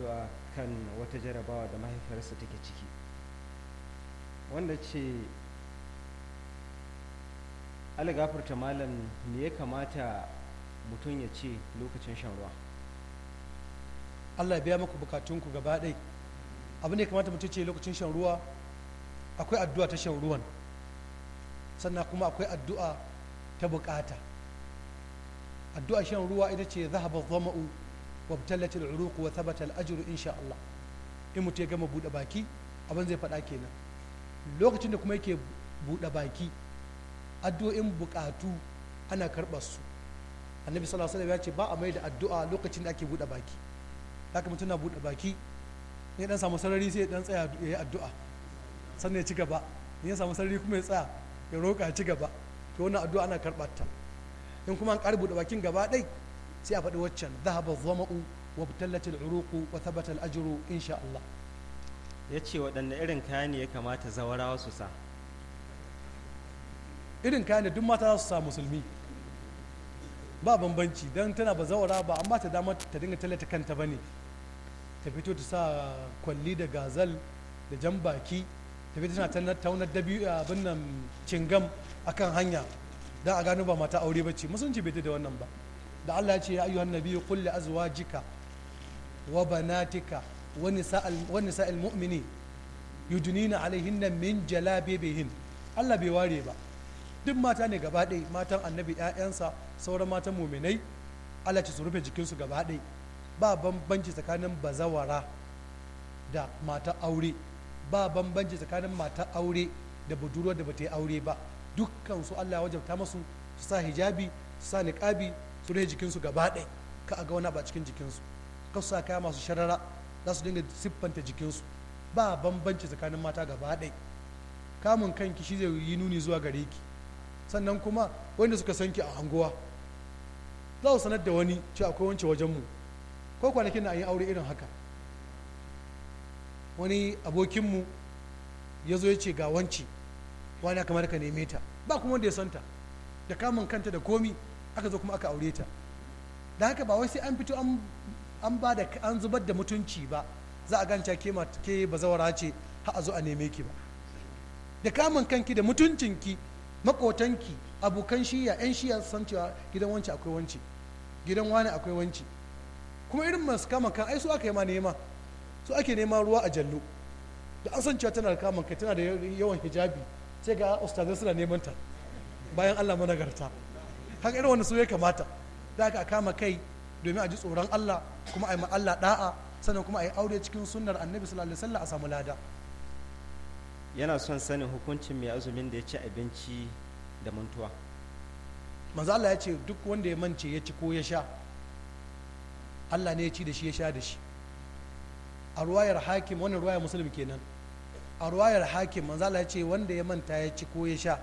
addu'a kan wata jarabawa da mahaifiyarsa take ciki wanda ce algafarta malam ne ya kamata mutum ya ce lokacin shan ruwa allah ya biya muku bukatunku gaba ɗai abin da ya kamata mutum ce lokacin shan ruwa akwai addu'a ta shan ruwan sannan kuma akwai addu'a ta bukata addu'a shan ruwa ita ce zahaba zama'u wabtalat al'uruq wa thabata al'ajru insha Allah in mutum ya gama bude baki abin zai faɗa kenan lokacin da kuma yake bude baki addu'o'in bukatu ana karɓar su annabi sallallahu alaihi wasallam ya ce ba a mai da addu'a lokacin da ake bude baki haka mutum na bude baki ne dan samu sarari sai dan tsaya ya yi addu'a sannan ya ci gaba ne ya samu sarari kuma ya tsaya ya roƙa ya ci gaba to wannan addu'a ana karɓar ta in kuma an ƙara bude bakin gaba dai sai a faɗi waccan zahaba zama'u wa butallatil uruqu wa thabata al insha Allah yace waɗanne irin kaya ne ya kamata zawarawa su sa irin kaya ne duk mata za su sa musulmi ba bambanci don tana ba zawara ba amma ta dama ta dinga tallata kanta ne ta fito ta sa kwalli da gazal da jan baki ta fito tana taunar dabi abin nan cingam akan hanya don a gano ba mata aure ba ce musulunci bai da wannan ba da Allah ya ce ya ayyuhan nabi qul li azwajika wa banatika wa nisa'il wa nisa'il mu'minin yudnina alaihinna min jalabibihin Allah bai ware ba duk mata ne gaba ɗaya matan annabi ƴaƴansa sauran matan muminai Allah ce su rufe jikinsu gaba ɗaya ba bambanci tsakanin bazawara da mata aure ba bambanci tsakanin mata aure da budurwa da bata yi aure ba dukkan su Allah ya wajabta masu su sa hijabi su sa niqabi su rufe jikinsu gaba ɗai ka a ga wani ba cikin jikinsu kan su kaya masu sharara za su dinga siffanta jikinsu ba bambanci tsakanin mata gaba ɗai kamun kanki shi zai yi nuni zuwa gare ki sannan kuma wanda suka san ki a anguwa za su sanar da wani ce akwai wance wajen mu ko kwanakin na yi aure irin haka wani abokinmu ya zo ya ce ga wance wani kamar ka neme ta ba kuma wanda ya santa da kamun kanta da komi aka zo kuma aka aure ta da haka ba wai sai an fito an ba da an zubar da mutunci ba za a ganta ke ke bazawara ce ha a zo a neme ki ba da kamun kanki da mutuncinki makotanki abokan shiya yan shiya san cewa gidan wancan akwai wanci gidan wani akwai wanci kuma irin masu kama kan ai su aka yi ma nema su ake nema ruwa a jallo da an san cewa tana da kamun kai tana da yawan hijabi sai ga ustazai suna neman ta bayan Allah managarta haka irin wanda su ya kamata da aka kama kai domin a ji tsoron Allah kuma a yi Allah da'a sannan kuma a yi aure cikin sunnar annabi sallallahu alaihi wasallam a samu lada yana son sanin hukuncin mai azumin da ya ci abinci da mantuwa manzo Allah ya ce duk wanda ya mance ya ci ko ya sha Allah ne ya ci da shi ya sha da shi a ruwayar hakim wannan ruwayar musulmi kenan a ruwayar hakim manzo Allah ya ce wanda ya manta ya ci ko ya sha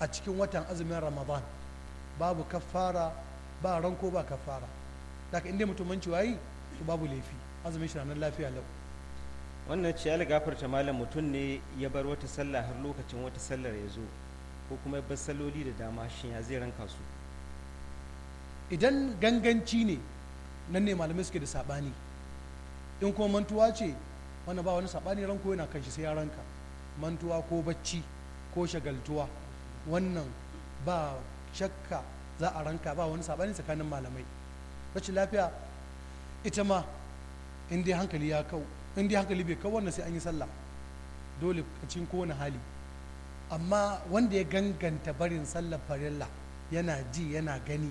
a cikin watan azumin ramadan babu kafara ba ranko ba kafara daga inda mutum manci wayi to babu laifi azumin shi ranar lafiya lau wannan ce ya gafarta malam mutum ne ya bar wata sallah har lokacin wata sallar ya zo ko kuma ya bar da dama shi ya zai ranka su idan ganganci ne nan ne malamai suke da sabani in kuma mantuwa ce wannan ba wani sabani ranko yana kan shi sai ya ranka mantuwa ko bacci ko shagaltuwa wannan ba shakka za a ranka ba wani sabani tsakanin malamai rashin lafiya ita ma in dai hankali ya kau in dai hankali bai kau wannan sai an yi sallah dole cikin kowane hali amma wanda ya ganganta barin sallar farilla yana ji yana gani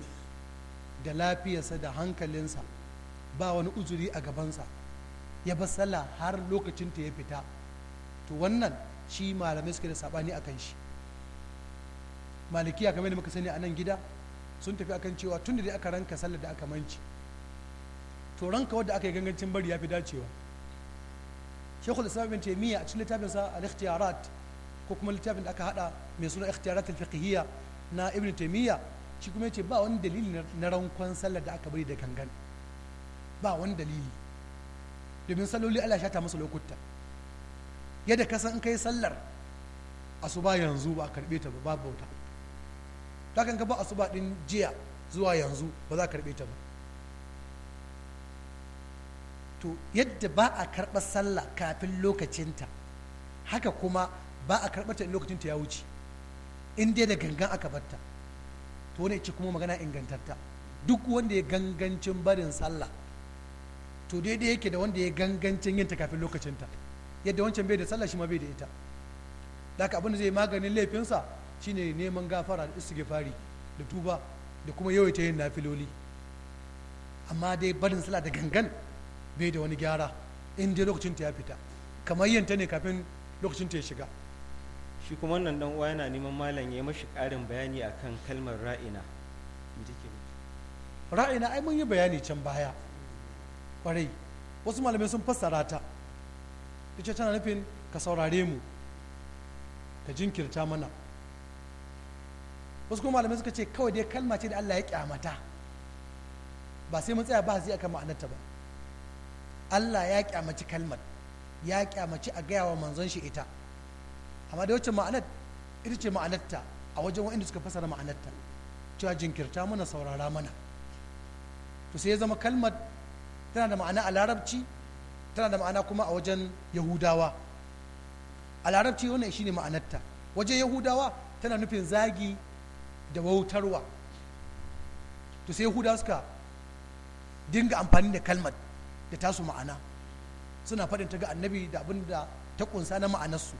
da lafiyarsa da hankalinsa ba wani uzuri a gabansa ya bar sallah har lokacin ta ya fita to wannan shi malamai suke da sabani kan shi malikiya kamar da muka sani a nan gida sun tafi akan cewa tun da dai aka ranka sallar da aka manci to ranka wadda aka yi gangancin bari ya fi dacewa shekul da bin taimiyya a cikin littafin sa al-ikhtiyarat ko kuma littafin da aka hada mai suna ikhtiyarat al-fiqhiyya na ibn taimiyya shi kuma yace ba wani dalili na rankon sallar da aka bari da gangan ba wani dalili domin salloli Allah shata masa lokuta yadda ka san in kai sallar asuba yanzu ba a karbe ta ba babu bauta da kan ka ba asuba din jiya zuwa yanzu ba za ka karɓe ta ba to yadda ba a karɓar sallah kafin lokacinta haka kuma ba a karɓar ta in lokacinta ya wuce in dai da gangan aka batta to wani ce kuma magana ingantatta duk wanda ya gangancin barin sallah to daidai yake da wanda ya gangancin yin ta kafin lokacinta yadda wancan bai da sallah shi ma bai da ita da abin da zai maganin laifinsa shine neman gafara da istighfari da tuba da kuma yawaita yin nafiloli amma dai barin sala da gangan bai da wani gyara in dai lokacin ta ya fita kamar yanta ne kafin lokacin ta ya shiga shi kuma wannan dan uwa yana neman malam ya mashi karin bayani akan kalmar ra'ina ra'ina ai mun yi bayani can baya kwarai wasu malamai sun fassara ta ita tana nufin ka saurare mu ka jinkirta mana wasu kuma malamai suka ce kawai dai kalma ce da Allah ya kyamata ba sai mun tsaya ba zai akan ma'anarta ba Allah ya kyamaci kalmar ya kyamaci a gaya wa manzon shi ita amma da wacce ma'anar ita ce ma'anarta a wajen wa'inda suka fasara ma'anarta cewa jinkirta mana saurara mana to sai ya zama kalmar tana da ma'ana a larabci tana da ma'ana kuma a wajen yahudawa a larabci wannan shine ma'anarta wajen yahudawa tana nufin zagi da wautarwa to sai yahuda suka dinga amfani da kalmar da tasu ma'ana suna faɗin ta ga annabi da abin da ta kunsa na ma'anarsu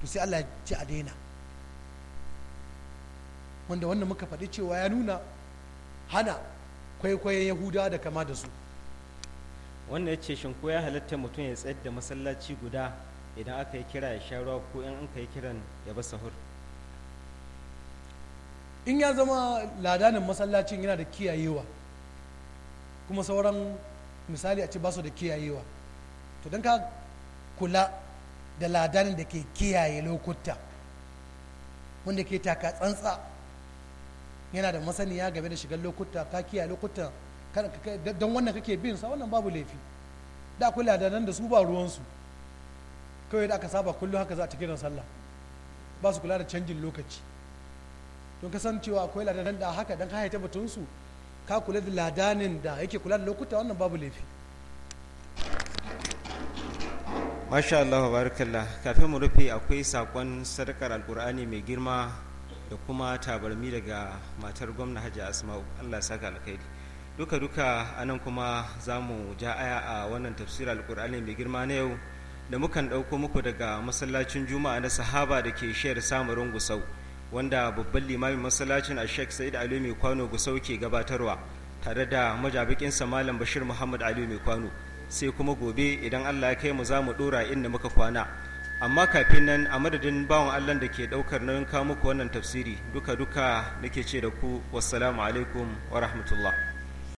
to sai allah ce a daina wanda wannan muka faɗi cewa ya nuna hana kwaikwayon yahuda da kama da su wannan ya ce shin ya halatta mutum ya tsayar da masallaci guda idan aka yi kira ya sha ruwa ko in aka yi kiran ya ba sahur in ya zama ladanin masallacin yana da kiyayewa kuma sauran misali a ce ba su da kiyayewa to don ka kula da ladanin da ke kiyaye lokuta wanda ke taka tsantsa yana da masaniya game da shigar lokuta ka kiyaye lokuta don wannan kake bin sa wannan babu laifi da akwai ladanan da su ba ruwansu kawai da aka saba kullum haka za a ta kiran sallah ba su kula da canjin lokaci don kasancewa akwai ladanan da haka don haita batunsu ka kula da ladanin da yake kula da lokuta wannan babu laifi masha Allah barakalla kafin mu rufe akwai sakon sadakar alkur'ani mai girma da kuma tabarmi daga matar gwamna hajji asma'u Allah ya saka alkhairi duka duka anan kuma za mu ja aya a wannan tafsir alkur'ani mai girma na yau da mukan ɗauko muku daga masallacin juma'a na sahaba da ke shayar samarin sau. wanda babban limamin masallacin a sheik sa'id Aliyu mai kwano gusau ke gabatarwa tare da majabikinsa malam bashir muhammad Aliyu mai kwano sai kuma gobe idan allah ya kai mu za mu dora inda muka kwana amma kafin nan a madadin bawan allah da ke daukar nauyin kawo muku wannan tafsiri duka duka nake ce da ku wassalamu alaikum wa rahmatullah